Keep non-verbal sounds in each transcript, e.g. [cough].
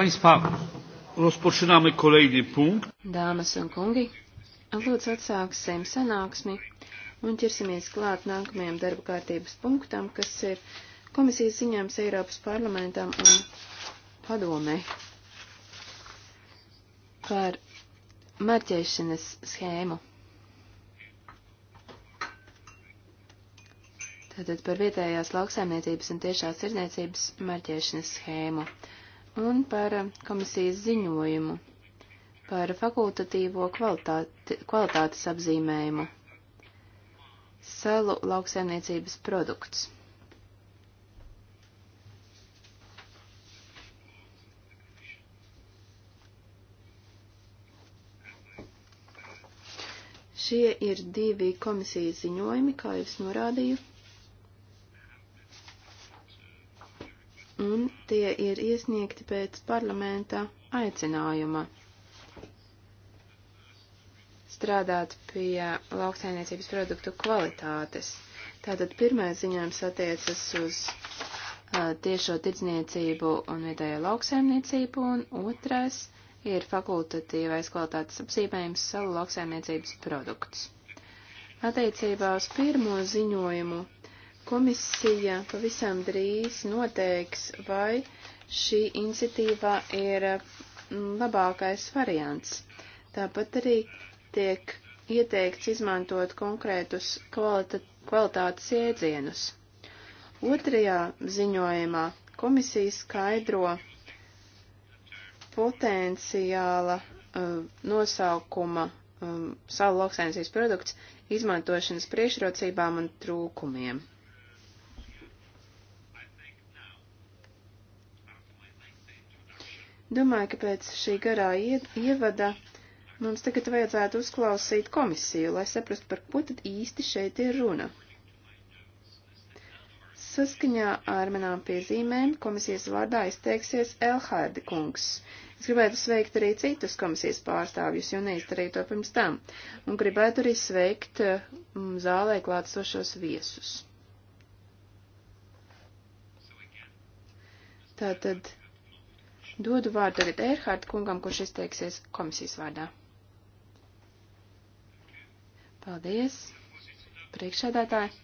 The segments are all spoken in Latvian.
Państwa, rozpoczynamy kolejny punkt. Dāmas un kungi, lūdzu atsāksim sanāksmi un ķersimies klāt nākamajam darba kārtības punktam, kas ir komisijas ziņojums Eiropas parlamentam un padomē par marķēšanas schēmu. Tātad par vietējās lauksaimniecības un tiešās tirdzniecības marķēšanas schēmu. Uh, un par eh, komisijas ziņojumu par fakultatīvo kvalitāti, kvalitātes apzīmējumu Selu lauksaimniecības produkts. Šie ir divi komisijas ziņojumi, kā jau es norādīju. un tie ir iesniegti pēc parlamenta aicinājuma strādāt pie lauksainiecības produktu kvalitātes. Tātad pirmais ziņojums attiecas uz uh, tiešo tirdzniecību un vietējo lauksaimniecību, un otrais ir fakultatīvais kvalitātes apzīmējums salu lauksaimniecības produkts. Attiecībā uz pirmo ziņojumu Komisija pavisam drīz noteiks, vai šī iniciatīva ir mm, labākais variants. Tāpat arī tiek ieteikts izmantot konkrētus kvalita kvalitātes jēdzienus. Otrajā ziņojumā komisija skaidro potenciāla um, nosaukuma um, salu lauksainicijas produkts izmantošanas priešrocībām un trūkumiem. Domāju, ka pēc šī garā ievada mums tagad vajadzētu uzklausīt komisiju, lai saprastu, par ko tad īsti šeit ir runa. Saskaņā ar manām piezīmēm komisijas vārdā izteiksies Elhārdi kungs. Es gribētu sveikt arī citus komisijas pārstāvjus, jo neizdarīju to pirms tam, un gribētu arī sveikt mm, zālē klātsošos viesus. Tātad Dodu vārdu tagad Erhārta kungam, kurš izteiksies komisijas vārdā. Paldies, priekšsēdētāji.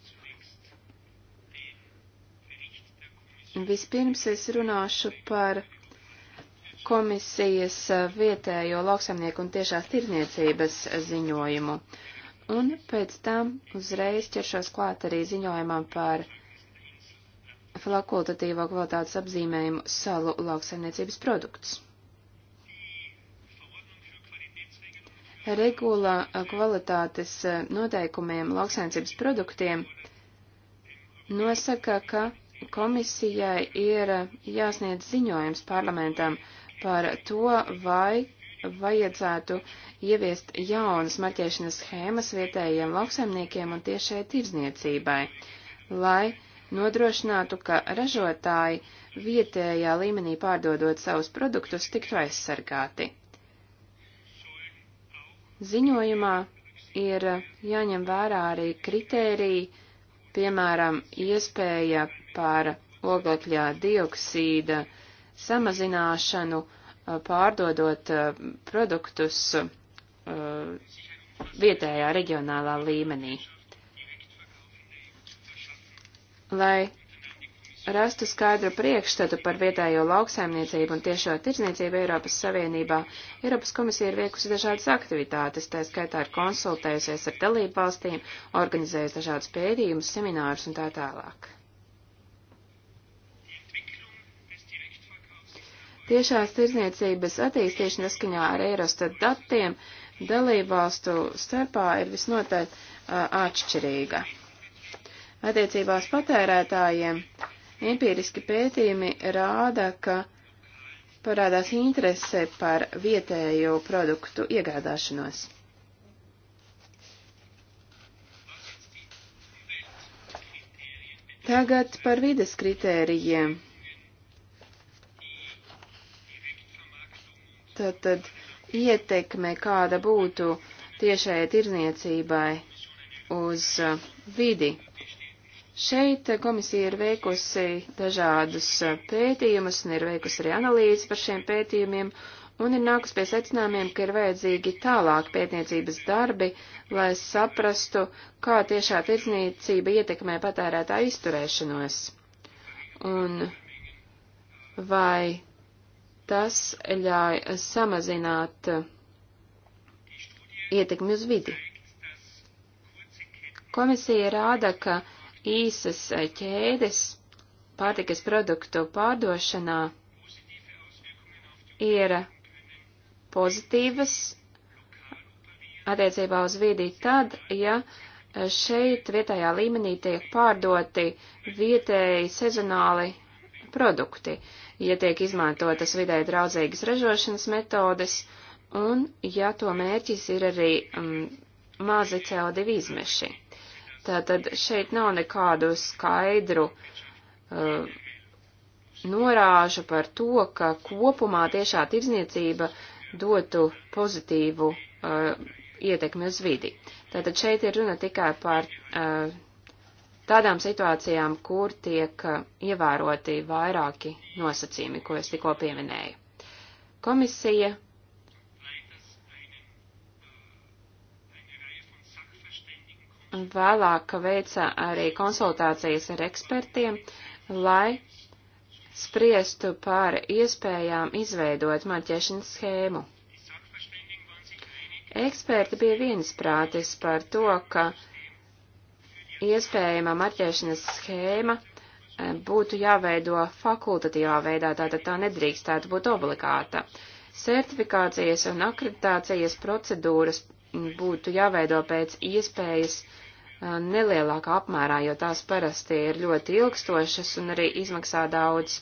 Vispirms es runāšu par komisijas vietējo lauksaimnieku un tiešās tirniecības ziņojumu. Un pēc tam uzreiz ķeršos klāt arī ziņojumam par fakultatīvo kvalitātes apzīmējumu salu lauksaimniecības produkts. Regula kvalitātes noteikumiem lauksaimniecības produktiem nosaka, ka komisijai ir jāsniedz ziņojums parlamentam par to, vai vajadzētu ieviest jaunas marķēšanas schēmas vietējiem lauksaimniekiem un tiešai tirzniecībai, lai nodrošinātu, ka ražotāji vietējā līmenī pārdodot savus produktus tiktu aizsargāti. Ziņojumā ir jāņem vērā arī kritēriji, piemēram, iespēja par oglekļā dioksīda samazināšanu pārdodot produktus vietējā reģionālā līmenī lai rastu skaidru priekšstatu par vietējo lauksaimniecību un tiešo tirdzniecību Eiropas Savienībā, Eiropas komisija ir viekusi dažādas aktivitātes, tā skaitā ir konsultējusies ar dalību valstīm, organizējusi dažādas pēdījumus, seminārus un tā tālāk. Tiešās tirdzniecības attīstīšana saskaņā ar Eirostat datiem dalībvalstu starpā ir visnotaļ uh, atšķirīga. Attiecībās patērētājiem empīriski pētījumi rāda, ka parādās interese par vietējo produktu iegādāšanos. Tagad par vides kritērijiem. Tātad ietekme, kāda būtu tiešai tirzniecībai uz vidi. Šeit komisija ir veikusi dažādus eh, pētījumus un ir veikusi arī analīzi par šiem pētījumiem un ir nākus pie secinājumiem, ka ir vajadzīgi tālāk pētniecības darbi, lai saprastu, kā tiešā tirdzniecība ietekmē patērētā izturēšanos un vai tas ļauj samazināt eh, ietekmi uz vidi. Komisija rāda, ka īsas eh, ķēdes pārtikas produktu pārdošanā ir pozitīvas attiecībā uz vidi tad, ja eh, šeit vietējā līmenī tiek pārdoti vietēji sezonāli produkti, ja tiek izmantotas vidē draudzīgas ražošanas metodes un ja to mērķis ir arī um, mazi CO2 izmeši. Tātad šeit nav nekādu skaidru uh, norāžu par to, ka kopumā tiešā tirdzniecība dotu pozitīvu uh, ietekmi uz vidi. Tātad šeit ir runa tikai par uh, tādām situācijām, kur tiek uh, ievēroti vairāki nosacījumi, ko es tikko pieminēju. Komisija vēlāk veica arī konsultācijas ar ekspertiem, lai spriestu par iespējām izveidot marķēšanas schēmu. Eksperti bija viensprātis par to, ka iespējama marķēšanas schēma eh, būtu jāveido fakultatīvā veidā, tātad tā nedrīkstētu būt obligāta. Certifikācijas un akreditācijas procedūras būtu jāveido pēc iespējas uh, nelielākā apmērā, jo tās parasti ir ļoti ilgstošas un arī izmaksā daudz.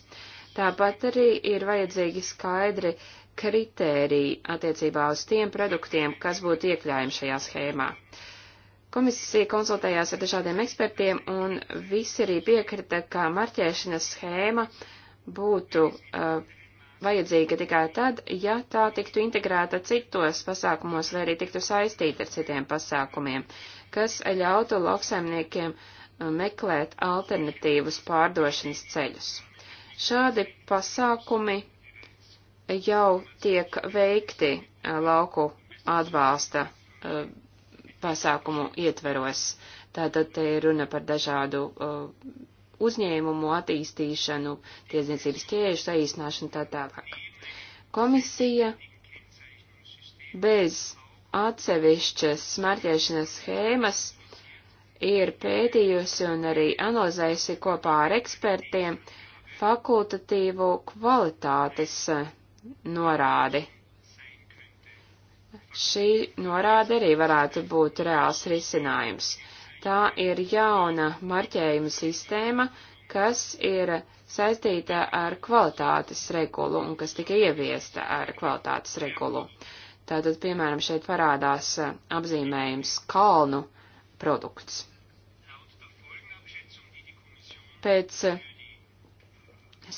Tāpat arī ir vajadzīgi skaidri kritēriji attiecībā uz tiem produktiem, kas būtu iekļājumi šajā schēmā. Komisija konsultējās ar dažādiem ekspertiem, un visi arī piekrita, ka marķēšanas schēma būtu uh, vajadzīga tikai tad, ja tā tiktu integrēta citos pasākumos vai arī tiktu saistīta ar citiem pasākumiem, kas ļautu lauksaimniekiem uh, meklēt alternatīvus pārdošanas ceļus. Šādi pasākumi jau tiek veikti uh, lauku atbalsta uh, pasākumu ietveros. Tātad te ir runa par dažādu uh, uzņēmumu attīstīšanu, tiesniecības ķēžu saīsināšanu tā tālāk. Komisija bez atsevišķas smērķēšanas schēmas ir pētījusi un arī analizējusi kopā ar ekspertiem fakultatīvu kvalitātes eh, norādi. Šī norāde arī varētu būt reāls risinājums. Tā ir jauna marķējuma sistēma, kas ir saistīta ar kvalitātes regulu un kas tika ieviesta ar kvalitātes regulu. Tātad, piemēram, šeit parādās eh, apzīmējums kalnu produkts. Pēc eh,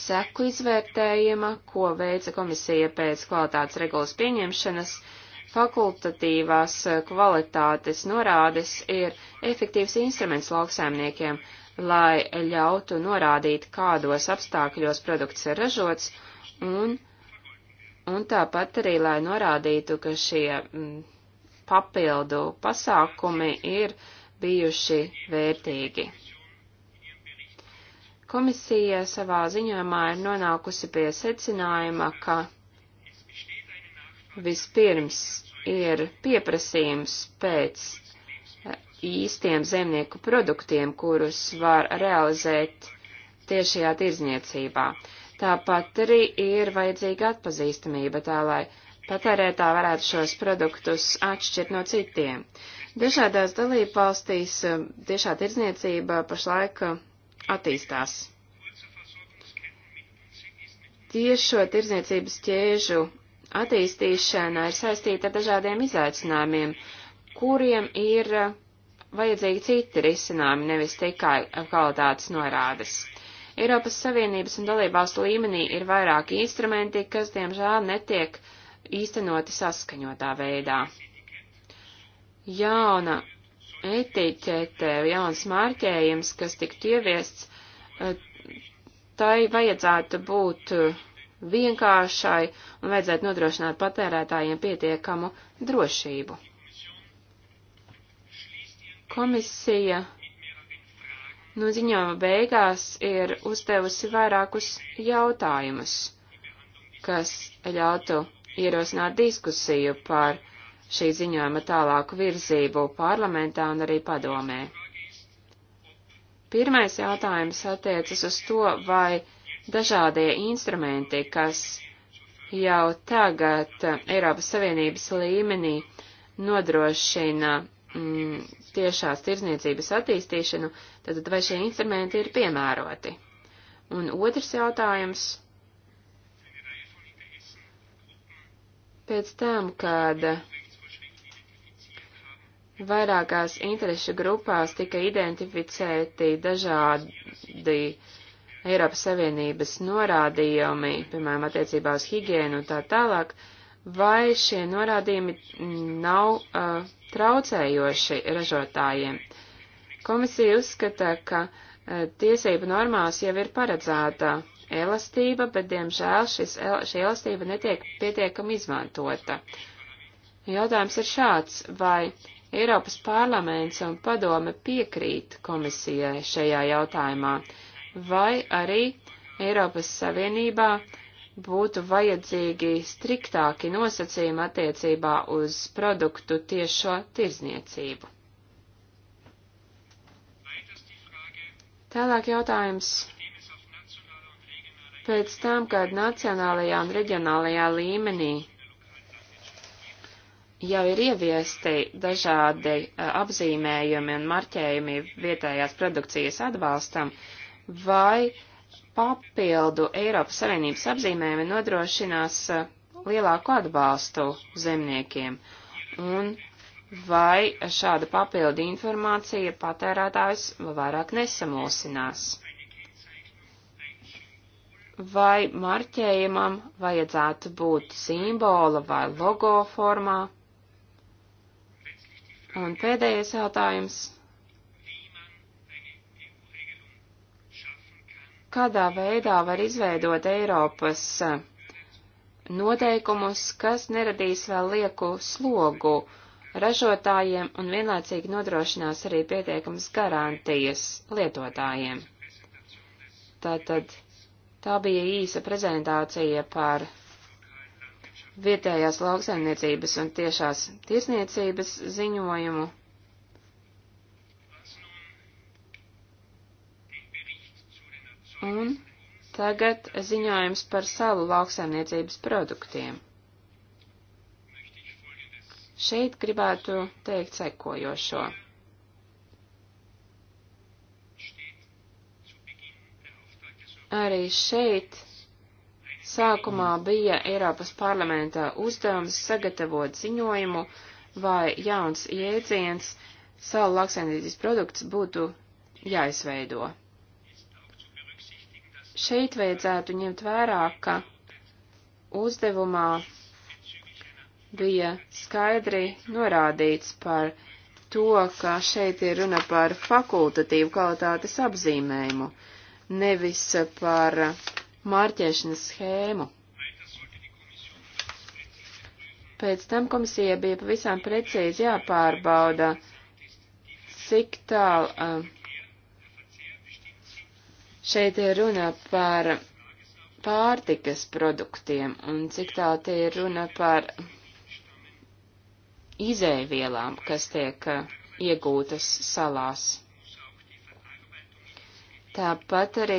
seku izvērtējuma, ko veica komisija pēc kvalitātes regulas pieņemšanas, uh, fakultatīvās eh, kvalitātes norādes ir efektīvs instruments lauksaimniekiem, lai ļautu norādīt, kādos apstākļos produkts ir ražots, un, un tāpat arī, lai norādītu, ka šie m, mm, papildu pasākumi ir bijuši vērtīgi. Komisija savā ziņojumā ir nonākusi pie secinājuma, ka Vispirms ir pieprasījums pēc eh, īstiem zemnieku produktiem, kurus var realizēt tiešajā tirzniecībā. Tāpat arī ir vajadzīga atpazīstamība tā, lai patērētā varētu šos produktus atšķirt no citiem. Dažādās dalībvalstīs eh, tiešā tirzniecība pašlaik eh, attīstās. Tiešo tirzniecības ķēžu attīstīšana ir saistīta ar dažādiem izaicinājumiem, kuriem ir eh, vajadzīgi citi risinājumi, nevis tikai kvalitātes norādes. Eiropas Savienības un dalībvalstu līmenī ir vairāki instrumenti, kas, diemžēl, netiek īstenoti saskaņotā veidā. Jauna etiķete, jauns mārķējums, kas tiktu ieviests, eh, tai vajadzētu būt vienkāršai un vajadzētu nodrošināt patērētājiem pietiekamu drošību. Komisija no nu, ziņojuma beigās ir uzdevusi vairākus jautājumus, kas ļautu ierosināt diskusiju par šī ziņojuma tālāku virzību parlamentā un arī padomē. Pirmais jautājums attiecas uz to, vai dažādie instrumenti, kas jau tagad eh, Eiropas Savienības līmenī nodrošina mm, tiešās tirzniecības attīstīšanu, tad vai šie instrumenti ir piemēroti? Un otrs jautājums. Pēc tam, kad vairākās interešu grupās tika identificēti dažādi uh, Eiropas Savienības norādījumi, piemēram, attiecībā uz higienu un tā tālāk, vai šie norādījumi nav uh, traucējoši ražotājiem. Komisija uzskata, ka uh, tiesību normās jau ir paredzēta elastība, bet, diemžēl, šis, el, šī elastība netiek pietiekami izmantota. Jautājums ir šāds, vai Eiropas parlaments un padome piekrīt komisijai šajā jautājumā, vai arī Eiropas Savienībā būtu vajadzīgi striktāki nosacījumi attiecībā uz produktu tiešo tirzniecību. Tālāk jautājums. Pēc tam, kad nacionālajā un reģionālajā līmenī jau ir ieviesti dažādi eh, apzīmējumi un marķējumi vietējās produkcijas atbalstam, uh, vai papildu Eiropas Savienības apzīmējumi nodrošinās uh, lielāku atbalstu zemniekiem un vai šāda papildu informācija patērētājs vairāk nesamulsinās. Vai marķējumam vajadzētu būt simbola vai logo formā? Un pēdējais jautājums. kādā veidā var izveidot Eiropas eh, noteikumus, kas neradīs vēl lieku slogu ražotājiem un vienlaicīgi nodrošinās arī pietiekamas garantijas lietotājiem. Tātad tā bija īsa prezentācija par vietējās lauksaimniecības un tiešās tiesniecības ziņojumu. Un tagad ziņojums par savu lauksaimniecības produktiem. Šeit gribētu teikt sekojošo. Arī šeit sākumā bija Eiropas parlamentā uzdevums sagatavot ziņojumu, vai jauns jēdziens salu lauksaimniecības produkts būtu jāizveido šeit vajadzētu ņemt vērā, ka uzdevumā bija skaidri norādīts par to, ka šeit ir runa par fakultatīvu kvalitātes apzīmējumu, nevis par mārķēšanas schēmu. Pēc tam komisija bija pavisam precīzi jāpārbauda, cik tālu uh, Šeit ir runa par pārtikas produktiem un cik tā tie ir runa par izēvielām, kas tiek uh, iegūtas salās. Tāpat arī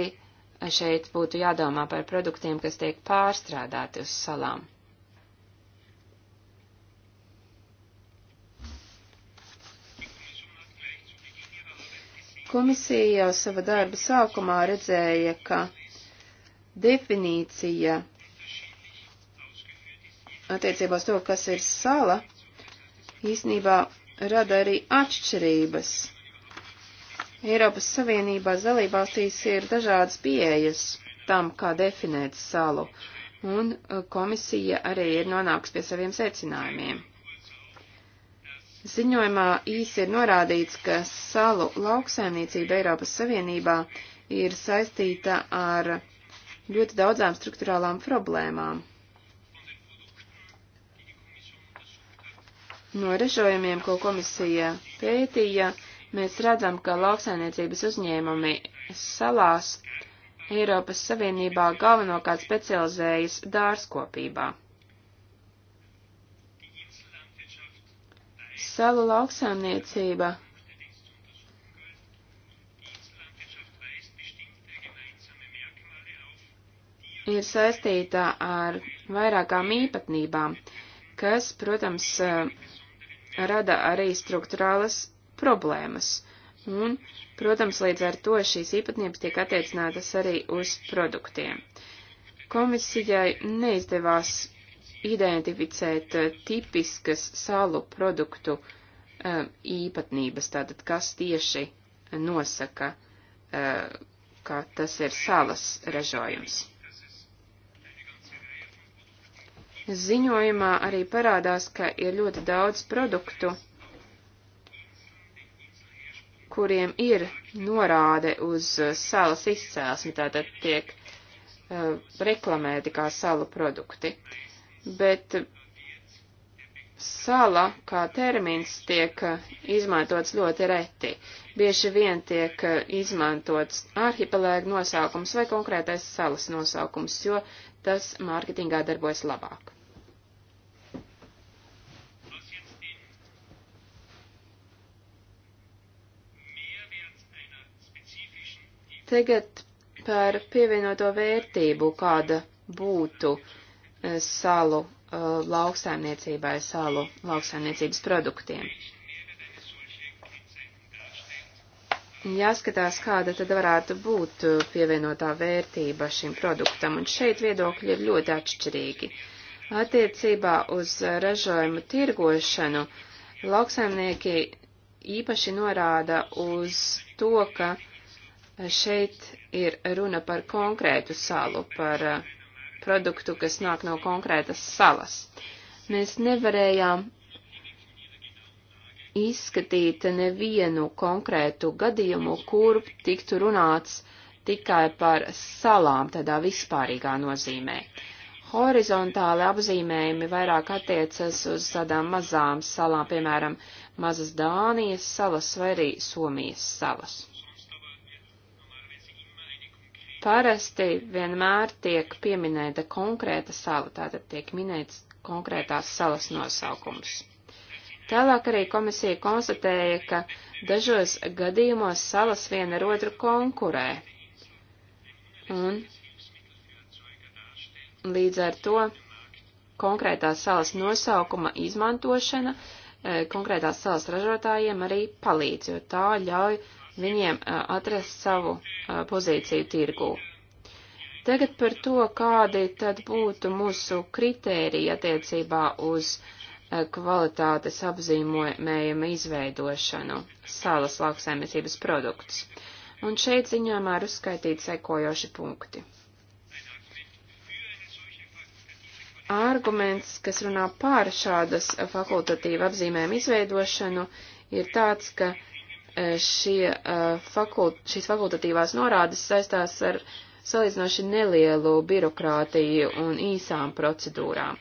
šeit būtu jādomā par produktiem, kas tiek pārstrādāti uz salām. Komisija jau sava darba sākumā redzēja, ka definīcija attiecībā uz to, kas ir sala, īsnībā rada arī atšķirības. Eiropas Savienībā dalībvalstīs ir dažādas pieejas tam, kā definēt salu, un uh, komisija arī ir nonāks pie saviem secinājumiem. Ziņojumā īsi ir norādīts, ka salu lauksēmniecība Eiropas Savienībā ir saistīta ar ļoti daudzām struktūrālām problēmām. No režojumiem, ko komisija pētīja, mēs redzam, ka lauksainiecības uzņēmumi salās Eiropas Savienībā galvenokārt specializējas dārzkopībā. Salu lauksaimniecība ir saistīta ar vairākām īpatnībām, kas, protams, eh, rada arī struktūrālas problēmas. Un, protams, līdz ar to šīs īpatnības tiek attiecinātas arī uz produktiem. Komisijai neizdevās identificēt eh, tipiskas salu produktu eh, īpatnības, tātad kas tieši nosaka, eh, ka tas ir salas ražojums. Ziņojumā arī parādās, ka ir ļoti daudz produktu, kuriem ir norāde uz salas izcēlesmi, tātad tiek uh, reklamēti kā salu produkti. Uh, bet sala kā termins tiek uh, izmantots ļoti reti. Bieži vien tiek uh, izmantots arhipelēga nosaukums vai konkrētais salas nosaukums, jo tas mārketingā darbojas labāk. Tagad par pievienoto vērtību, kāda būtu uh, salu uh, lauksaimniecībai, salu lauksaimniecības produktiem. Jāskatās, kāda tad varētu būt uh, pievienotā vērtība šim produktam, un šeit viedokļi ir ļoti atšķirīgi. Attiecībā uz ražojumu tirgošanu lauksaimnieki īpaši norāda uz to, ka šeit ir runa par konkrētu salu, par uh, produktu, kas nāk no konkrētas salas. Mēs nevarējām izskatīt nevienu konkrētu gadījumu, kur tiktu runāts tikai par salām tādā vispārīgā nozīmē. Horizontāli apzīmējumi vairāk attiecas uz tādām mazām salām, piemēram, mazas Dānijas salas vai arī Somijas salas parasti vienmēr tiek pieminēta konkrēta sala, tātad tiek minēts konkrētās salas nosaukums. Tālāk arī komisija konstatēja, ka dažos gadījumos salas viena ar otru konkurē. Un līdz ar to konkrētā salas nosaukuma izmantošana eh, konkrētās salas ražotājiem arī palīdz, jo tā ļauj uh, viņiem atrast savu pozīciju tirgū. Tagad par to, kādi tad būtu mūsu kritēriji attiecībā uz kvalitātes apzīmējuma izveidošanu salas lauksaimniecības produktus. Un šeit ziņojumā ir uzskaitīti sekojoši punkti. Arguments, kas runā pār šādas fakultatīva apzīmējuma izveidošanu, ir tāds, ka uh, E, šie, e, fakult, šīs fakultatīvās norādes saistās ar salīdzinoši nelielu birokrātiju un īsām procedūrām.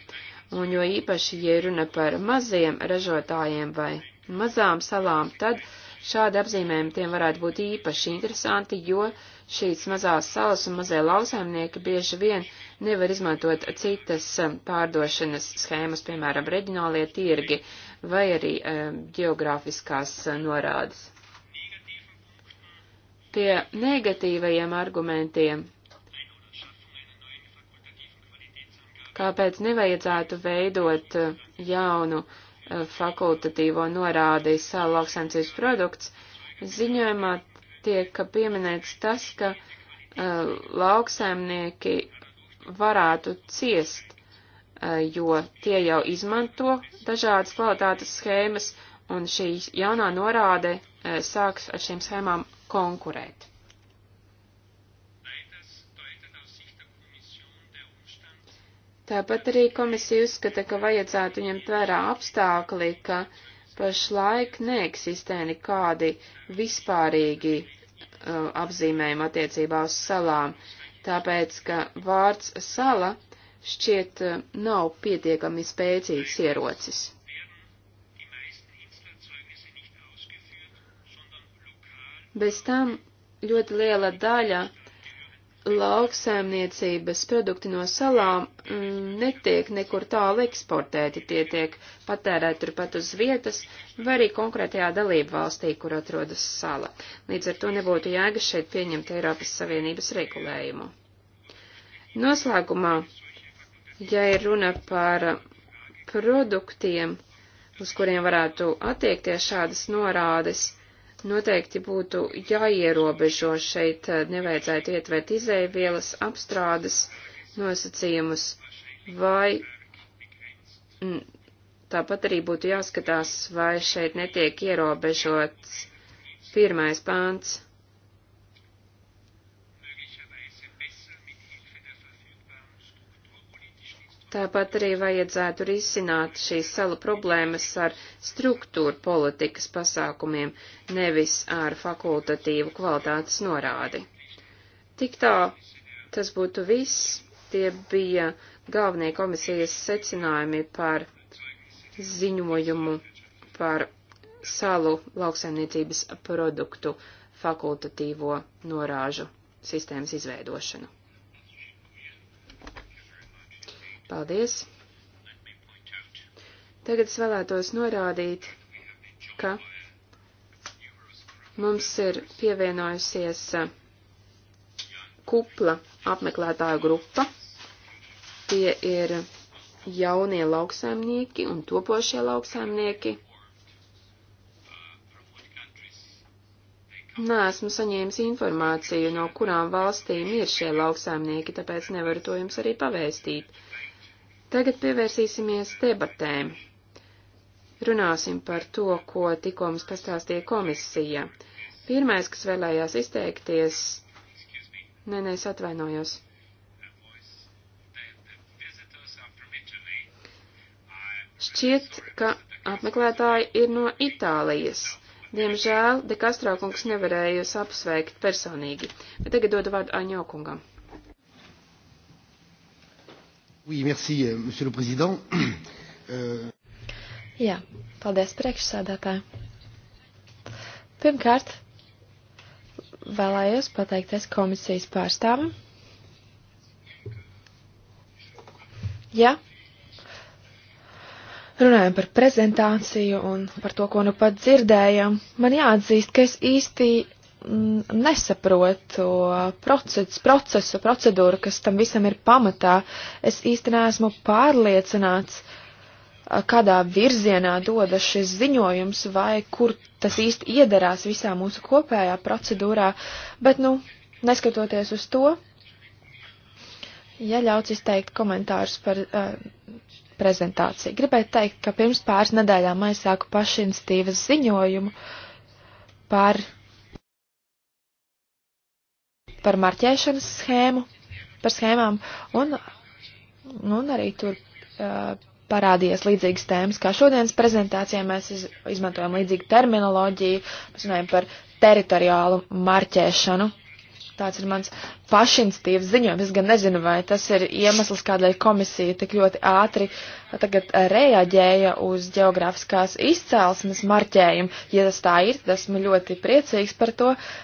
Un jo īpaši, ja runa par maziem ražotājiem vai mazām salām, tad šādi apzīmējumi tiem varētu būt īpaši interesanti, jo šīs mazās salas un mazie lauksaimnieki bieži vien nevar izmantot citas e, pārdošanas schēmas, piemēram, reģionālie tirgi vai arī e, geogrāfiskās norādes pie negatīvajiem argumentiem, kāpēc nevajadzētu veidot uh, jaunu uh, fakultatīvo norādi salu lauksaimniecības produkts, ziņojumā tiek pieminēts tas, ka uh, lauksaimnieki varētu ciest, uh, jo tie jau izmanto dažādas kvalitātes schēmas, un šī jaunā norāde uh, sāks ar šīm schēmām konkurēt. Tāpat arī komisija uzskata, ka vajadzētu ņemt vērā apstākļi, ka pašlaik neeksistē nekādi vispārīgi uh, apzīmējumi attiecībā uz salām, tāpēc, ka vārds sala šķiet uh, nav pietiekami spēcīgs ierocis. Bez tam ļoti liela daļa lauksaimniecības produkti no salām mm, netiek nekur tālu eksportēti, tie tiek patērēti turpat uz vietas vai arī konkrētajā dalību valstī, kur atrodas sala. Līdz ar to nebūtu jēga šeit pieņemt Eiropas Savienības regulējumu. Noslēgumā, ja ir runa par produktiem, uz kuriem varētu attiekties šādas norādes, noteikti būtu jāierobežo šeit, eh, nevajadzētu ietvērt izēvielas apstrādes nosacījumus, vai mm, tāpat arī būtu jāskatās, vai šeit netiek ierobežots pirmais pāns. Tāpat arī vajadzētu risināt šīs salu problēmas ar struktūru politikas pasākumiem, nevis ar fakultatīvu kvalitātes norādi. Tik tā, tas būtu viss. Tie bija galvenie komisijas secinājumi par ziņojumu par salu lauksaimniecības produktu fakultatīvo norāžu sistēmas izveidošanu. Paldies! Tagad es vēlētos norādīt, ka mums ir pievienojusies uh, kupla apmeklētāju grupa. Tie ir jaunie lauksaimnieki un topošie lauksaimnieki. Nē, esmu saņēmis informāciju, no kurām valstīm ir šie lauksaimnieki, tāpēc nevaru to jums arī pavēstīt. Tagad pievērsīsimies debatēm. Runāsim par to, ko tikko mums pastāstīja komisija. Pirmais, kas vēlējās izteikties, nē, nē, es atvainojos. Šķiet, ka apmeklētāji ir no Itālijas. Diemžēl De Castro kungs nevarēja jūs apsveikt personīgi, bet tagad dodu vārdu Aņokungam. Oui, merci, euh, monsieur le président. [clears throat] Uh... Jā, paldies priekšsādātāji. Pirmkārt, vēlējos pateikties komisijas pārstāvim. Ja runājam par prezentāciju un par to, ko nu pat dzirdējam, man jāatzīst, ka es īsti Mm, nesaprotu procesu, procesu, procedūru, kas tam visam ir pamatā. Es īsti neesmu pārliecināts, kādā virzienā dodas šis ziņojums vai kur tas īsti iederās visā mūsu kopējā procedūrā, bet, nu, neskatoties uz to, ja ļauts izteikt komentārus par uh, prezentāciju. Gribētu teikt, ka pirms pāris nedēļām aizsāku pašinstīvas ziņojumu par par marķēšanas schēmu, par schēmām, un, nu, un arī tur uh, parādījās līdzīgas tēmas, kā šodienas prezentācijā mēs iz, izmantojam līdzīgu terminoloģiju, mēs runājam par teritoriālu marķēšanu. Tāds ir mans pašinstīvs ziņojums. Es gan nezinu, vai tas ir iemesls, kādēļ komisija tik ļoti ātri tagad reaģēja uz geogrāfiskās izcēlesmes marķējumu. Ja tas tā ir, tad esmu ļoti priecīgs par to. Uh,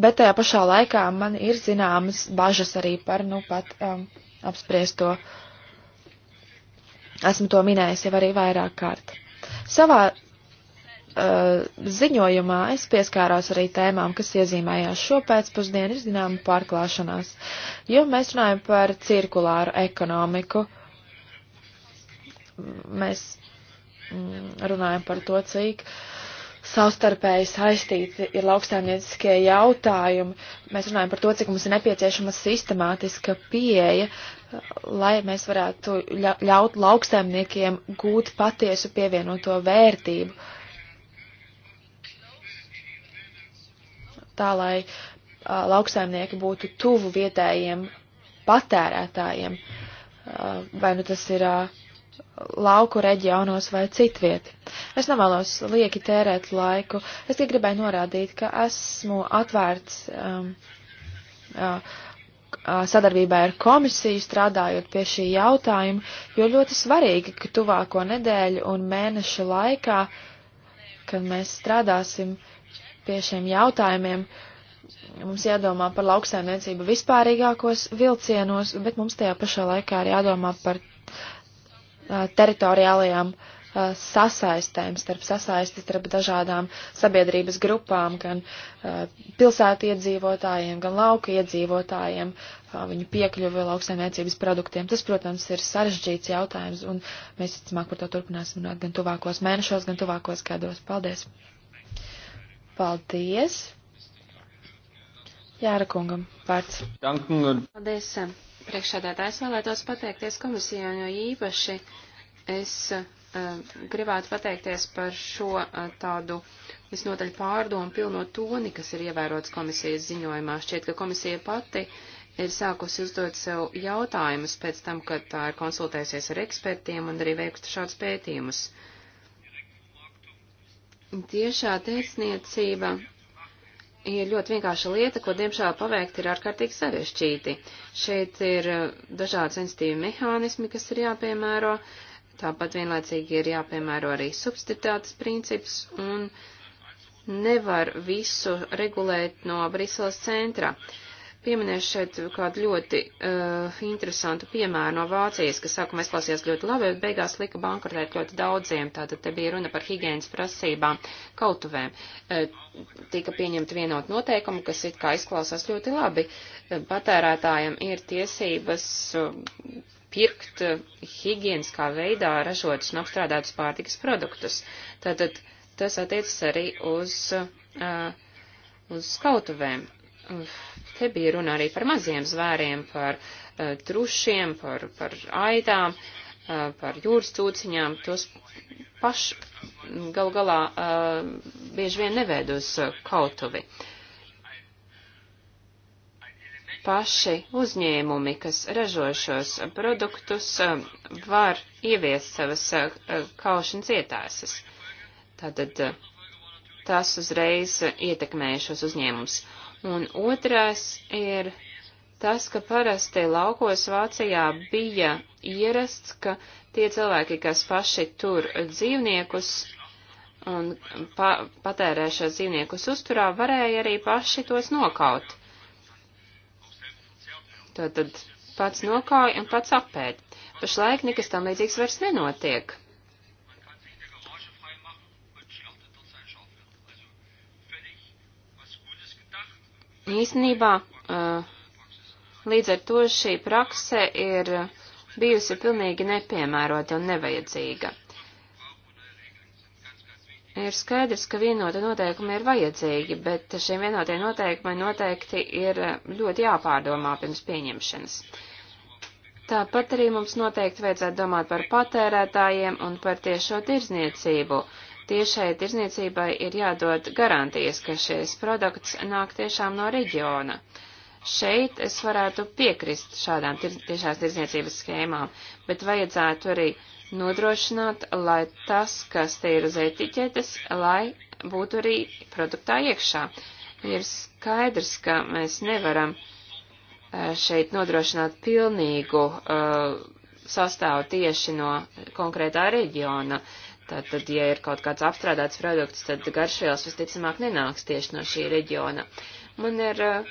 bet tajā pašā laikā man ir zināmas bažas arī par, nu, pat um, apspriesto. Esmu to minējis jau arī vairāk kārt. Savā uh, ziņojumā es pieskāros arī tēmām, kas iezīmējās šo pēcpusdienu, ir zināma pārklāšanās, jo mēs runājam par cirkulāru ekonomiku. Mēs mm, runājam par to, cik uh, savstarpēji saistīti ir lauksaimnieciskie jautājumi. Mēs runājam par to, cik mums ir nepieciešama sistemātiska pieeja, lai mēs varētu ļaut lauksaimniekiem gūt patiesu pievienoto vērtību. Tā, lai a, lauksaimnieki būtu tuvu vietējiem patērētājiem. A, vai nu tas ir a, lauku reģionos vai citviet. Es nevēlos lieki tērēt laiku. Es tikai gribēju norādīt, ka esmu atvērts um, uh, sadarbībā ar komisiju strādājot pie šī jautājuma, jo ļoti svarīgi, ka tuvāko nedēļu un mēnešu laikā, kad mēs strādāsim pie šiem jautājumiem, mums jādomā par lauksaimniecību vispārīgākos vilcienos, bet mums tajā pašā laikā ir jādomā par teritoriālajām sasaistēm, starp sasaisti starp dažādām sabiedrības grupām, gan pilsētu iedzīvotājiem, gan lauka iedzīvotājiem, viņu piekļuvi lauksaimniecības produktiem. Tas, protams, ir sarežģīts jautājums, un mēs, cimāk, par to turpināsim runāt gan tuvākos mēnešos, gan tuvākos gados. Paldies! Paldies! Jāra kungam vārds. Paldies! Priekšādātājs vēlētos pateikties komisijai, jo īpaši es eh, gribētu pateikties par šo eh, tādu visnotaļ pārdomu pilno toni, kas ir ievērots komisijas ziņojumā. Šķiet, ka komisija pati ir sākusi uzdot sev jautājumus pēc tam, kad tā ir konsultējusies ar ekspertiem un arī veikusi šādus pētījumus. Tiešā tirsniecība ir ļoti vienkārša lieta, ko diemžēl paveikt ir ārkārtīgi sarežģīti. Šeit ir eh, dažādi sensitīvi mehānismi, kas ir jāpiemēro, tāpat vienlaicīgi ir jāpiemēro arī substitātes princips un nevar visu regulēt no Briseles centra. Uh, pieminēšu šeit kādu ļoti uh, interesantu piemēru no Vācijas, kas sākumā izklausījās ļoti labi, bet beigās lika bankrotēt ļoti daudziem. Tātad te bija runa par higienas prasībām kautuvēm. Uh, tika pieņemta vienot noteikumu, kas it kā izklausās ļoti labi. Uh, patērētājiem ir tiesības. Uh, pirkt uh, higieniskā veidā ražotus un apstrādātus pārtikas produktus. Tātad tas attiecas arī uz, uh, uz skautuvēm. Uf Te bija runa arī par maziem zvēriem, par uh, eh, trušiem, par, par aidām, uh, par jūras cūciņām. Tos paš gal galā uh, bieži vien neveidos uh, kautuvi. Paši uzņēmumi, kas ražo šos produktus, uh, var ieviest savas uh, kaušanas ietāsas. Tātad uh, tas uzreiz ietekmē šos uzņēmumus. Un otrais ir tas, ka parasti laukos Vācijā bija ierasts, ka tie cilvēki, kas paši tur dzīvniekus un pa patērē šos dzīvniekus uzturā, varēja arī paši tos nokaut. Tātad pats nokauj un pats apēd. Pašlaik nekas tam līdzīgs vairs nenotiek. Īstenībā eh, līdz ar to šī prakse ir bijusi pilnīgi nepiemērota un nevajadzīga. Ir skaidrs, ka vienota noteikumi ir vajadzīgi, bet šiem vienotie noteikumi noteikti ir ļoti jāpārdomā pirms pieņemšanas. Tāpat arī mums noteikti vajadzētu domāt par patērētājiem un par tiešo tirzniecību, tiešai tirzniecībai ir jādod garantijas, ka šis produkts nāk tiešām no reģiona. Šeit es varētu piekrist šādām tir tiešās tirzniecības schēmām, bet vajadzētu arī nodrošināt, lai tas, kas te ir uz etiķetes, lai būtu arī produktā iekšā. Ir skaidrs, ka mēs nevaram eh, šeit nodrošināt pilnīgu uh, sastāvu tieši no konkrētā reģiona. Uh, Tātad, ja ir kaut kāds apstrādāts produkts, tad garšvielas visticamāk nenāks tieši no šī reģiona. Man ir eh,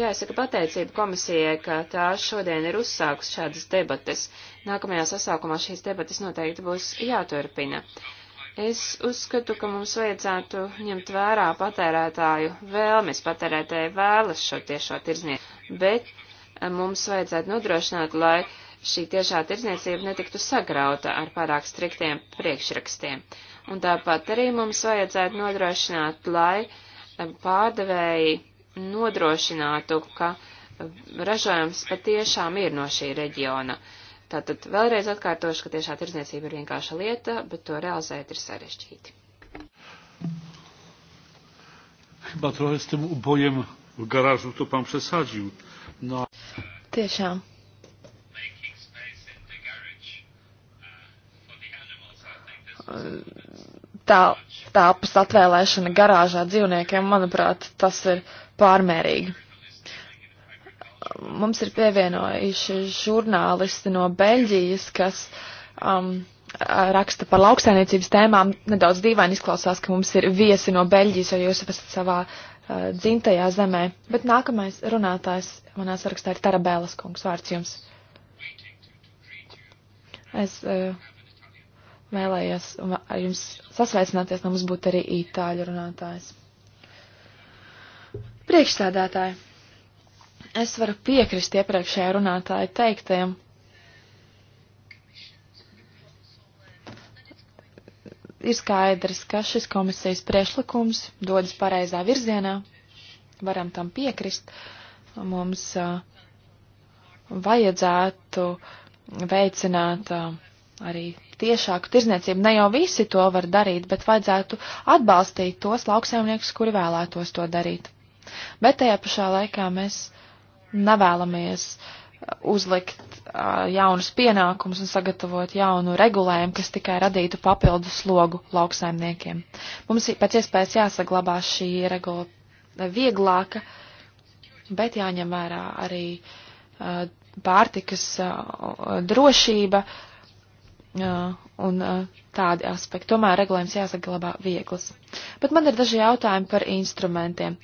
jāizsaka pateicība komisijai, ka tā šodien ir uzsākus šādas debates. Nākamajā sasākumā šīs debates noteikti būs jāturpina. Es uzskatu, ka mums vajadzētu ņemt vērā patērētāju vēlmes, patērētāji vēlas šo tiešo tirznieku, bet eh, mums vajadzētu nodrošināt, lai uh, šī tiešā tirdzniecība netiktu sagrauta ar pārāk striktiem priekšrakstiem. Un tāpat arī mums vajadzētu nodrošināt, lai um, pārdevēji nodrošinātu, ka um, ražojums patiešām ir no šī reģiona. Tātad vēlreiz atkārtošu, ka tiešā tirdzniecība ir vienkārša lieta, bet to realizēt ir sarežģīti. Chyba trochę z tym ubojem w garażu to pan przesadził. No. Tiešām. tā, tāpas atvēlēšana garāžā dzīvniekiem, manuprāt, tas ir pārmērīgi. Mums ir pievienojuši žurnālisti no Beļģijas, kas um, raksta par lauksainiecības tēmām. Nedaudz dīvaini izklausās, ka mums ir viesi no Beļģijas, jo jūs esat savā uh, dzimtajā zemē. Bet nākamais runātājs manā sarakstā ir Tarabēlas kungs. Vārds jums. Es uh, vēlējos ar jums sasveicināties, lai mums būtu arī itāļu runātājs. Priekšsēdētāji, es varu piekrist iepriekšējā runātāja teiktajam. Ir skaidrs, ka šis komisijas priešlikums dodas pareizā virzienā. Varam tam piekrist. Mums uh, vajadzētu veicināt uh, arī tiešāku tirzniecību. Ne jau visi to var darīt, bet vajadzētu atbalstīt tos lauksaimniekus, kuri vēlētos to darīt. Bet tajā pašā laikā mēs nevēlamies uzlikt uh, jaunus pienākumus un sagatavot jaunu regulējumu, kas tikai radītu papildu slogu lauksaimniekiem. Mums pēc iespējas jāsaglabā šī regula vieglāka, bet jāņem vērā arī uh, pārtikas drošība, un tādi aspekti. Tomēr regulējums jāsaglabā viegls. Bet man ir daži jautājumi par instrumentiem.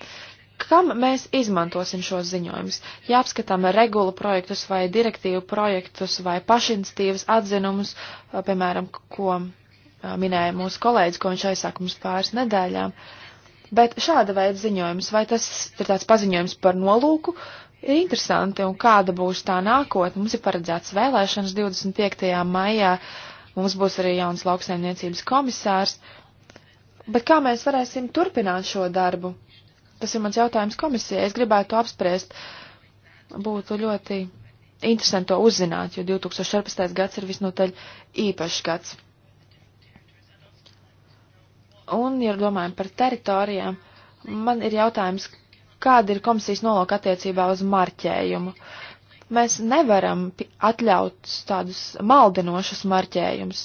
Kam mēs izmantosim šos ziņojumus? Jāapskatām regulu projektus vai direktīvu projektus vai pašinstīvas atzinumus, piemēram, ko minēja mūsu kolēģis, ko viņš aizsāka mums pāris nedēļām. Bet šāda veida ziņojums, vai tas ir tāds paziņojums par nolūku, ir interesanti un kāda būs tā nākotne. Mums ir paredzēts vēlēšanas 25. maijā, mums būs arī jauns lauksaimniecības komisārs. Bet kā mēs varēsim turpināt šo darbu? Tas ir mans jautājums komisijai. Es gribētu to apspriest. Būtu ļoti interesanti to uzzināt, jo 2014. gads ir visnotaļ īpašs gads. Un, ja domājam par teritorijām, man ir jautājums, kāda ir komisijas nolūka attiecībā uz marķējumu. Mēs nevaram atļaut tādus maldinošus marķējumus.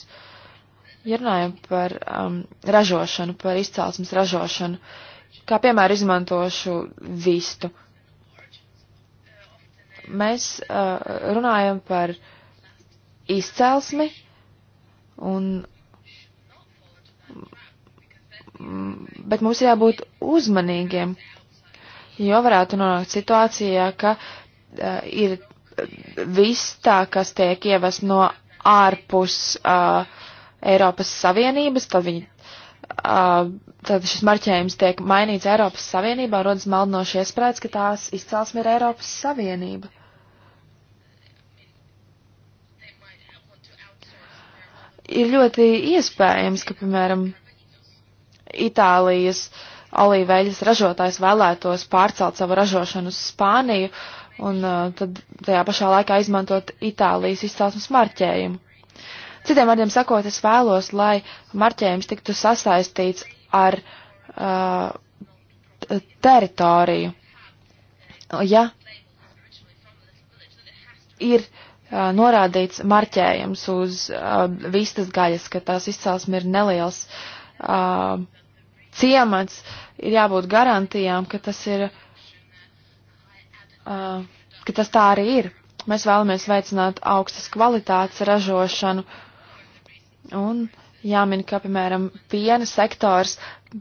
Ja runājam par um, ražošanu, par izcelsmes ražošanu, kā piemēru izmantošu vistu. Mēs uh, runājam par izcelsmi un bet mums ir jābūt uzmanīgiem, jo varētu nonākt situācijā, ka uh, ir viss tā, kas tiek ievest no ārpus uh, Eiropas Savienības, tad viņi. Uh, tad šis marķējums tiek mainīts Eiropas Savienībā, rodas maldinoši iespējas, ka tās izcelsme ir Eiropas Savienība. Ir ļoti iespējams, ka, piemēram, Itālijas uh, olīveļas ražotājs vēlētos pārcelt savu ražošanu uz Spāniju un uh, tad tajā pašā laikā izmantot Itālijas izcelsmes marķējumu. Citiem vārdiem sakot, es vēlos, lai marķējums tiktu sasaistīts ar uh, teritoriju. Ja ir uh, norādīts marķējums uz uh, vistas gaļas, ka tās izcelsme ir neliels uh, ciemats, ir jābūt garantijām, ka tas ir, uh, ka tas tā arī ir. Mēs vēlamies veicināt augstas kvalitātes ražošanu un jāmin, ka, piemēram, piena sektors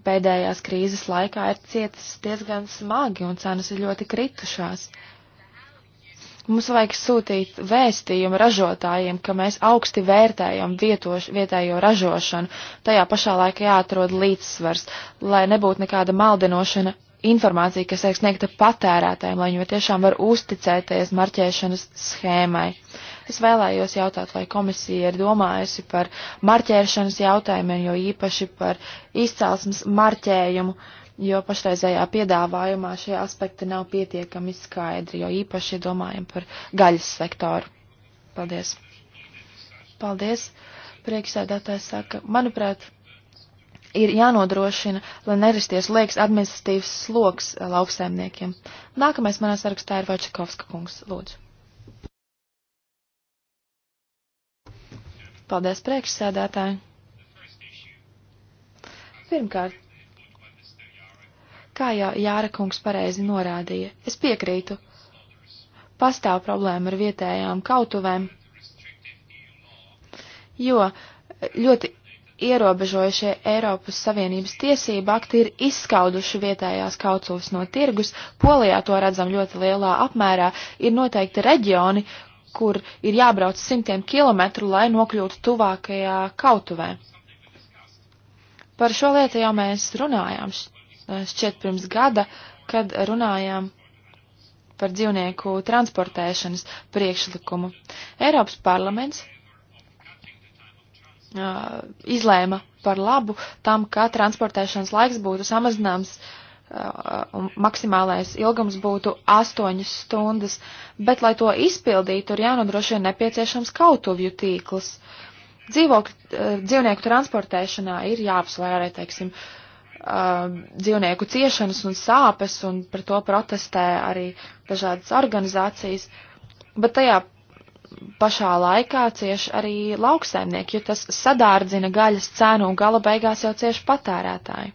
pēdējās krīzes laikā ir cietis diezgan smagi un cenas ir ļoti kritušās. Uh, Mums vajag sūtīt vēstījumu ražotājiem, ka mēs augsti vērtējam vietoš, vietējo ražošanu, tajā pašā laikā jāatrod līdzsvars, lai nebūtu nekāda maldinošana informācija, kas tiek sniegta patērētājiem, lai viņi tiešām var uzticēties marķēšanas schēmai. Es vēlējos jautāt, vai komisija ir domājusi par marķēšanas jautājumiem, jo īpaši par izcelsmes marķējumu. Uh, jo pašreizējā piedāvājumā šie aspekti nav pietiekami skaidri, jo īpaši domājam par gaļas sektoru. Paldies. Paldies. Priekšsēdētājs saka, manuprāt, ir jānodrošina, lai neristies liekas administratīvs sloks lauksaimniekiem. Nākamais manā sarakstā ir Vačakovska kungs. Lūdzu. Paldies priekšsēdētāji. Pirmkārt, Kā jau Jāra kungs pareizi norādīja, es piekrītu. Pastāv problēma ar vietējām kautuvēm, jo ļoti ierobežojušie Eiropas Savienības tiesība akti ir izskauduši vietējās kautuves no tirgus. Polijā to redzam ļoti lielā apmērā. Ir noteikti reģioni, kur ir jābrauc simtiem kilometru, lai nokļūtu tuvākajā kautuvē. Par šo lietu jau mēs runājām Eh, šķiet pirms gada, kad runājām par dzīvnieku transportēšanas priekšlikumu. Eiropas parlaments uh, izlēma par labu tam, ka transportēšanas laiks būtu samazināms uh, un maksimālais ilgums būtu 8 stundas, bet, lai to izpildītu, ir jānodrošina nepieciešams kautuvju tīkls. Dzīvok, uh, dzīvnieku transportēšanā ir jāapsvēr, teiksim, uh, uh, dzīvnieku ciešanas un sāpes, un par to protestē arī dažādas organizācijas. Bet tajā pašā laikā cieš arī lauksaimnieki, jo tas sadārdzina gaļas cenu un gala beigās jau cieš patērētāji.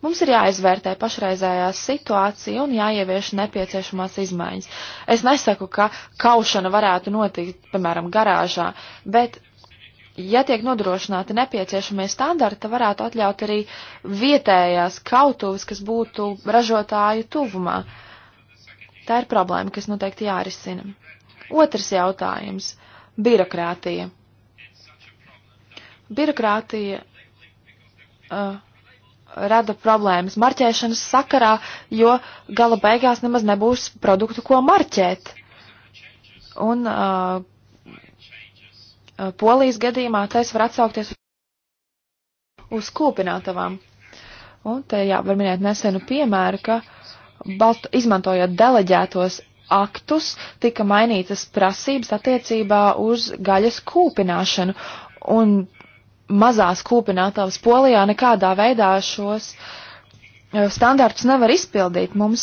Mums ir jāizvērtē pašreizējā situācija un jāievieš nepieciešamās izmaiņas. Es nesaku, ka kaušana varētu notikt, piemēram, garāžā, bet ja tiek nodrošināti nepieciešamie standarti, varētu atļaut arī vietējās kautuves, kas būtu ražotāju tuvumā. Tā ir problēma, kas noteikti jārisina. Otrs jautājums - birokrātija. Birokrātija uh, rada problēmas marķēšanas sakarā, jo gala beigās nemaz nebūs produktu, ko marķēt. Un uh, Eh, Polijas gadījumā tas var atsaukties uz kūpinātavām. Un te jā, var minēt nesenu piemēru, ka balst, izmantojot deleģētos aktus, tika mainītas prasības attiecībā uz gaļas kūpināšanu. Un mazās kūpinātavas Polijā nekādā veidā šos uh, Eh, standārtus nevar izpildīt. Mums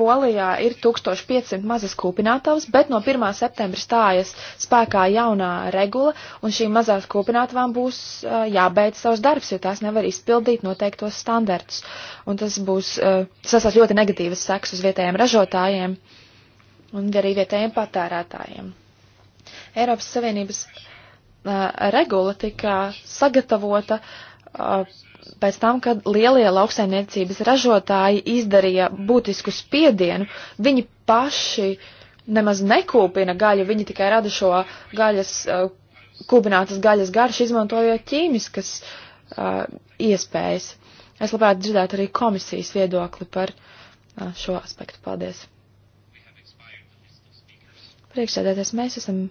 Polijā ir 1500 mazas kūpinātavas, bet no 1. septembra stājas spēkā jaunā regula, un šīm mazās kūpinātavām būs eh, jābeidz savs darbs, jo tās nevar izpildīt noteiktos standārtus. Un tas būs sasās eh, ļoti negatīvas seks uz vietējiem ražotājiem un arī vietējiem patērētājiem. Eiropas Savienības regula tika sagatavota uh, pēc tam, kad lielie lauksaimniecības ražotāji izdarīja būtisku spiedienu, viņi paši nemaz nekūpina gaļu, viņi tikai rada šo gaļas, kūpinātas gaļas garšu, izmantojot ķīmiskas uh, iespējas. Es labprāt dzirdētu arī komisijas viedokli par uh, šo aspektu. Paldies! Priekšsēdētājs mēs esam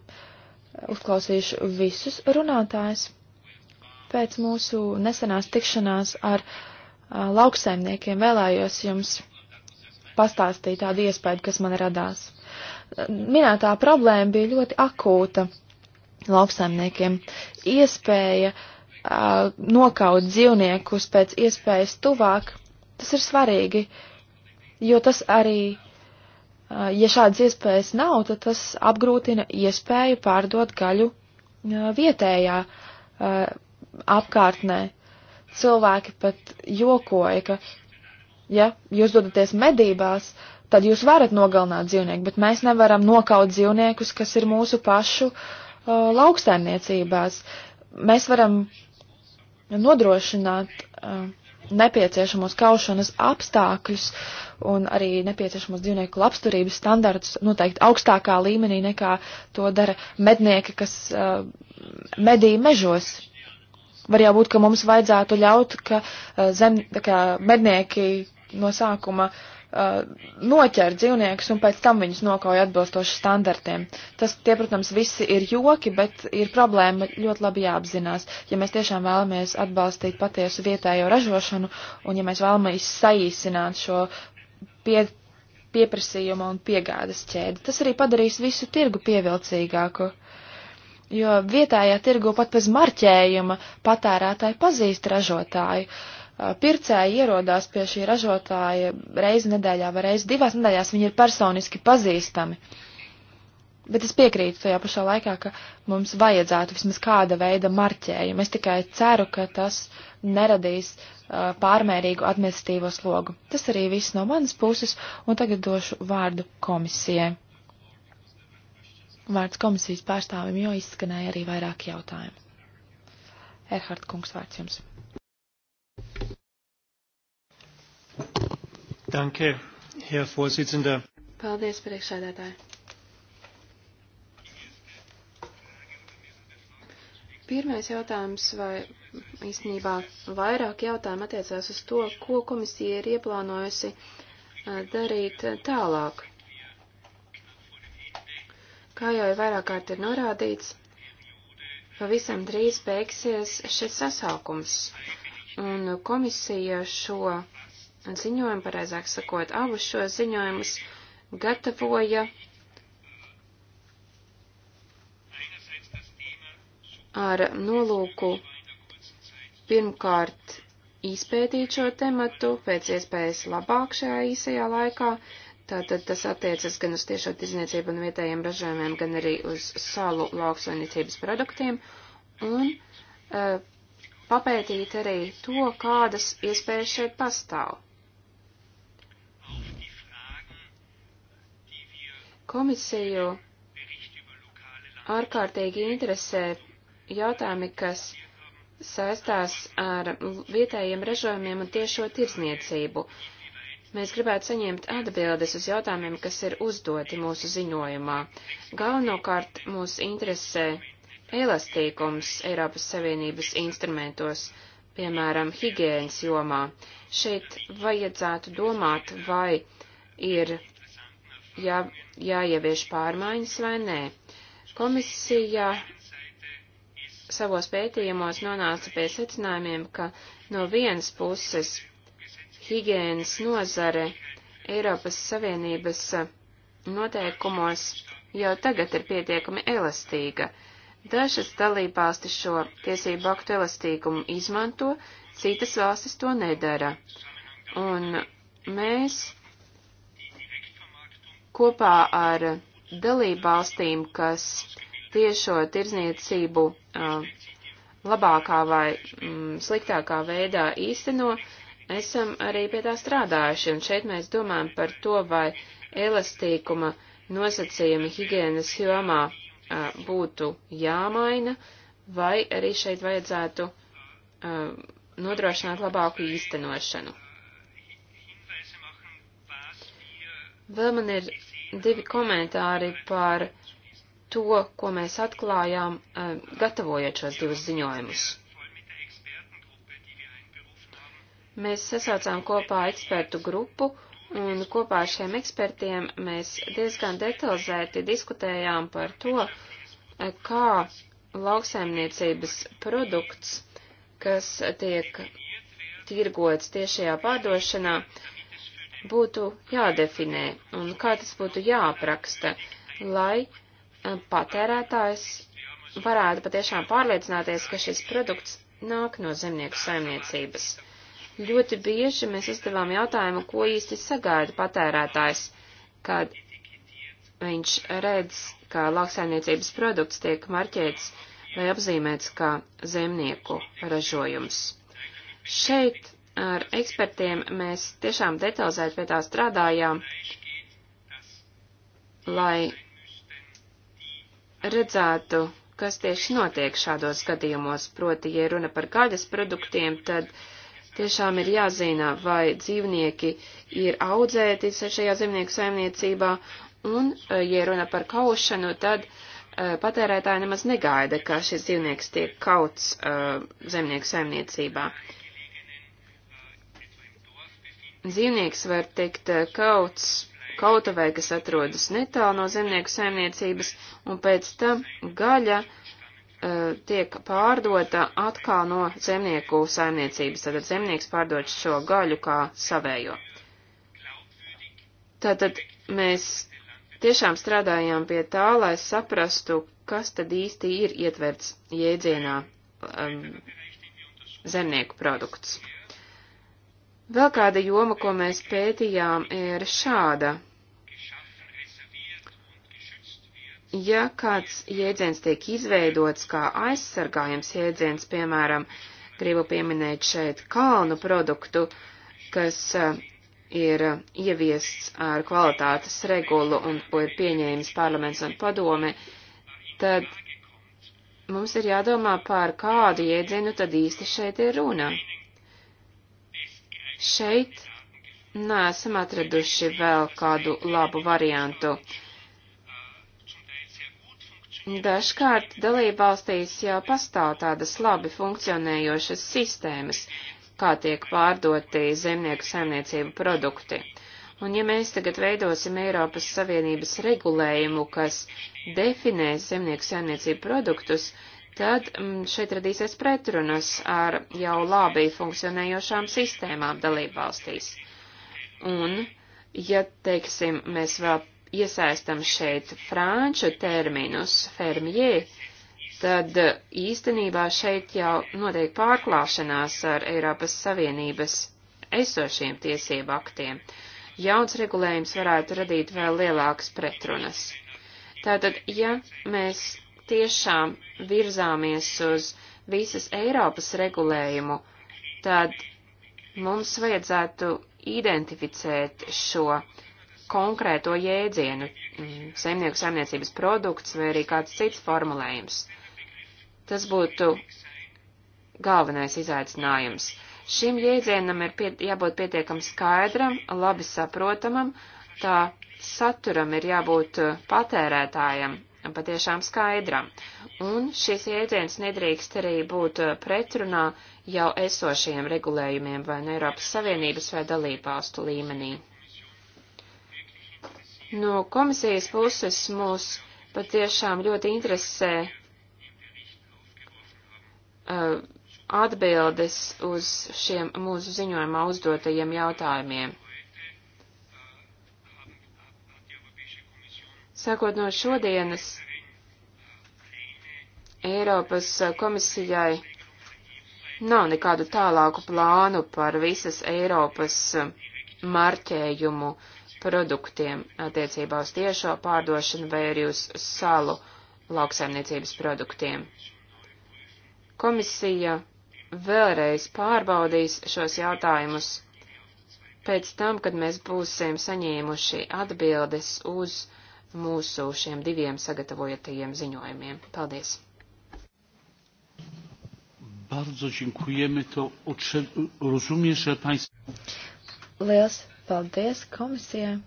uzklausījuši visus runātājus. Pēc mūsu nesenās tikšanās ar uh, lauksaimniekiem vēlējos jums pastāstīt tādu iespēju, kas man radās. Minētā problēma bija ļoti akūta lauksaimniekiem. Iespēja uh, nokaut dzīvniekus pēc iespējas tuvāk, tas ir svarīgi, jo tas arī ja šādas iespējas nav, tad tas apgrūtina iespēju pārdot gaļu vietējā apkārtnē cilvēki pat jokoja, ka, ja jūs dodaties medībās, tad jūs varat nogalināt dzīvnieku, bet mēs nevaram nokaut dzīvniekus, kas ir mūsu pašu uh, lauksaimniecībās. Mēs varam nodrošināt uh, nepieciešamos kaušanas apstākļus un arī nepieciešamos dzīvnieku labsturības standartus noteikti augstākā līmenī nekā to dara mednieki, kas uh, medī mežos var jau būt, ka mums vajadzētu ļaut, ka eh, zem, kā mednieki no sākuma uh, noķer dzīvniekus un pēc tam viņus nokauja atbilstoši standartiem. Tas, tie, protams, visi ir joki, bet ir problēma ļoti labi jāapzinās. Ja mēs tiešām vēlamies atbalstīt patiesu vietējo ražošanu un ja mēs vēlamies saīsināt šo pie, pieprasījuma un piegādes ķēdi, tas arī padarīs visu tirgu pievilcīgāku. Uh, jo vietējā tirgu pat bez marķējuma patērētāji pazīst ražotāju. Pircēji ierodās pie šī ražotāja reizi nedēļā vai reizi divās nedēļās, viņi ir personiski pazīstami. Bet es piekrītu tajā pašā laikā, ka mums vajadzētu vismaz kāda veida marķējumu. Es tikai ceru, ka tas neradīs uh, pārmērīgu administratīvo slogu. Tas arī viss no manas puses, un tagad došu vārdu komisijai. Vārds komisijas pārstāvim, jo izskanēja arī vairāk jautājumu. Erhard kungs, vārds jums. Danke, Herr Vorsitzender. Paldies, priekšsēdētāji. Pirmais jautājums, vai īstenībā vairāk jautājumu attiecās uz to, ko komisija ir ieplānojusi eh, darīt eh, tālāk Kā jau vairāk kārt ir norādīts, pavisam drīz beigsies šis sasaukums, un komisija šo ziņojumu, pareizāk sakot, abus šo ziņojumus gatavoja ar nolūku pirmkārt izpētīt šo tematu pēc iespējas labāk šajā īsajā laikā, Tātad tas attiecas gan uz tiešo tirzniecību un vietējiem ražojumiem, gan arī uz salu lauksainicības produktiem. Un uh, papētīt arī to, kādas iespējas šeit pastāv. Komisiju ārkārtīgi interesē jautājumi, kas saistās ar vietējiem ražojumiem un tiešo tirzniecību. Uh, Mēs gribētu saņemt atbildes uz jautājumiem, kas ir uzdoti mūsu ziņojumā. Galvenokārt mūs interesē elastīgums Eiropas Savienības instrumentos, piemēram, higiēnas jomā. Šeit vajadzētu domāt, vai ir jā, jāievieš pārmaiņas vai nē. Komisija savos pētījumos nonāca pie secinājumiem, ka no vienas puses higiēnas nozare Eiropas Savienības noteikumos jau tagad ir pietiekami elastīga. Dažas dalībvalstis šo tiesību aktu elastīgumu izmanto, citas valstis to nedara. Un mēs kopā ar dalībvalstīm, kas tiešo tirzniecību labākā vai mm, sliktākā veidā īsteno, esam arī pie tā strādājuši, un šeit mēs domājam par to, vai elastīguma nosacījumi higienas jomā a, būtu jāmaina, vai arī šeit vajadzētu a, nodrošināt labāku īstenošanu. Vēl man ir divi komentāri par to, ko mēs atklājām, a, gatavojot šos divus ziņojumus. Mēs sasaucām kopā ekspertu grupu, un kopā ar šiem ekspertiem mēs diezgan detalizēti diskutējām par to, kā lauksaimniecības produkts, kas tiek tirgots tiešajā pārdošanā, būtu jādefinē un kā tas būtu jāapraksta, lai e, patērētājs varētu patiešām pārliecināties, ka šis produkts nāk no zemnieku saimniecības. Ļoti bieži mēs uzdevām jautājumu, ko īsti sagaida patērētājs, kad viņš redz, ka lauksaimniecības produkts tiek marķēts vai apzīmēts kā zemnieku ražojums. Šeit ar ekspertiem mēs tiešām detalizēti pie tā strādājām, lai redzētu, kas tieši notiek šādos gadījumos. Proti, ja runa par gaļas produktiem, tad uh, Tiešām ir jāzina, vai dzīvnieki ir audzēti šajā zemnieku saimniecībā, un, eh, ja runa par kaušanu, tad uh, patērētāji nemaz negaida, ka šis dzīvnieks tiek kauts uh, zemnieku saimniecībā. Dzīvnieks var tikt kauts kautavē, kas atrodas netālu no zemnieku saimniecības, un pēc tam gaļa uh, Eh, tiek pārdota atkal no zemnieku saimniecības. Tātad zemnieks pārdod šo gaļu kā savējo. Tātad mēs tiešām strādājām pie tā, lai saprastu, kas tad īsti ir ietverts jēdzienā um, zemnieku produkts. Vēl kāda joma, ko mēs pētījām, ir šāda. ja kāds jēdziens tiek izveidots kā aizsargājams jēdziens, piemēram, gribu pieminēt šeit kalnu produktu, kas eh, ir ieviests ar kvalitātes regulu un ko ir pieņēmis parlaments un padome, tad mums ir jādomā par kādu jēdzienu tad īsti šeit ir runa. Šeit nesam atraduši vēl kādu labu variantu. Uh, Dažkārt dalībvalstīs jau pastāv tādas labi funkcionējošas sistēmas, kā tiek pārdoti zemnieku saimniecību produkti. Un ja mēs tagad veidosim Eiropas Savienības regulējumu, kas definē zemnieku saimniecību produktus, tad mm, šeit radīsies pretrunas ar jau labi funkcionējošām sistēmām dalībvalstīs. Un, ja, teiksim, mēs vēl iesaistam šeit franču terminus fermie, tad īstenībā šeit jau notiek pārklāšanās ar Eiropas Savienības esošiem tiesību aktiem. Jauns regulējums varētu radīt vēl lielākas pretrunas. Tātad, ja mēs tiešām virzāmies uz visas Eiropas regulējumu, tad mums vajadzētu identificēt šo uh, konkrēto jēdzienu mm, - saimnieku saimniecības produkts vai arī kāds cits formulējums. Tas būtu galvenais izaicinājums. Šim jēdzienam ir piet, jābūt pietiekami skaidram, labi saprotamam, tā saturam ir jābūt uh, patērētājam patiešām skaidram. Un šis jēdziens nedrīkst arī būt uh, pretrunā jau esošajiem regulējumiem vai no Eiropas Savienības vai dalībvalstu līmenī. No komisijas puses mūs patiešām ļoti interesē uh, atbildes uz šiem mūsu ziņojumā uzdotajiem jautājumiem. Sākot no šodienas, Eiropas komisijai nav nekādu tālāku plānu par visas Eiropas marķējumu uh, produktiem attiecībā uz tiešo pārdošanu vai arī uz salu lauksaimniecības produktiem. Komisija vēlreiz pārbaudīs šos jautājumus pēc tam, kad mēs būsim saņēmuši atbildes uz mūsu šiem diviem sagatavotajiem ziņojumiem. Paldies! Bardzo dziękujemy. To rozumiem, że państwo. Liels Paldies komisijai.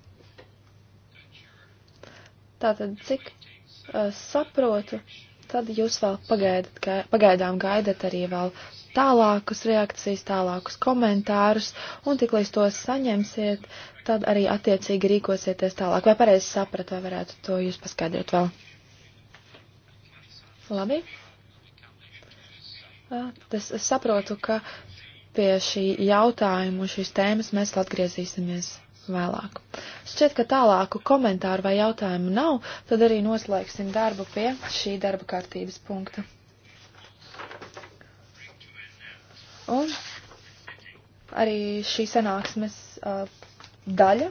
Tātad, cik uh, saprotu, tad jūs vēl pagaidat, gai, pagaidām gaidat arī vēl tālākus reakcijas, tālākus komentārus, un tik līdz tos saņemsiet, tad arī attiecīgi rīkosieties tālāk. Vai pareizi sapratu, vai varētu to jūs paskaidrot vēl? Labi. Es saprotu, ka Pie šī jautājuma un šīs tēmas mēs atgriezīsimies vēlāk. Šķiet, ka tālāku komentāru vai jautājumu nav, tad arī noslēgsim darbu pie šī darba kārtības punkta. Un arī šī sanāksmes uh, daļa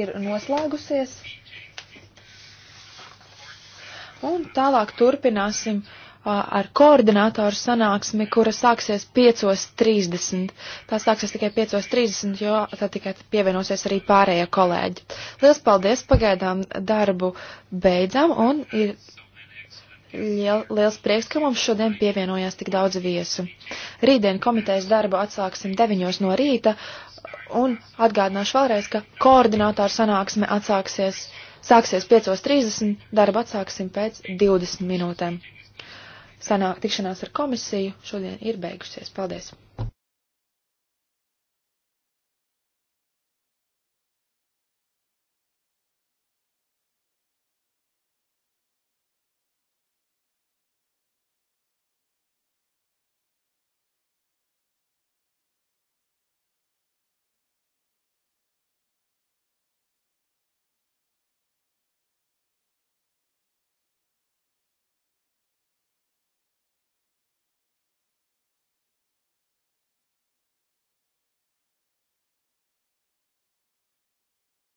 ir noslēgusies. Un tālāk turpināsim ar koordinātoru sanāksmi, kura sāksies 5.30. Tā sāksies tikai 5.30, jo tā tikai pievienosies arī pārējie kolēģi. Lielas paldies, pagaidām darbu beidzam un ir liel, liels prieks, ka mums šodien pievienojās tik daudz viesu. Rītdien komitejas darbu atsāksim 9.00 no rīta un atgādināšu vēlreiz, ka koordinātoru sanāksme atsāksies. Sāksies 5.30, darbu atsāksim pēc 20 minūtēm sanāk tikšanās ar komisiju šodien ir beigusies. Paldies!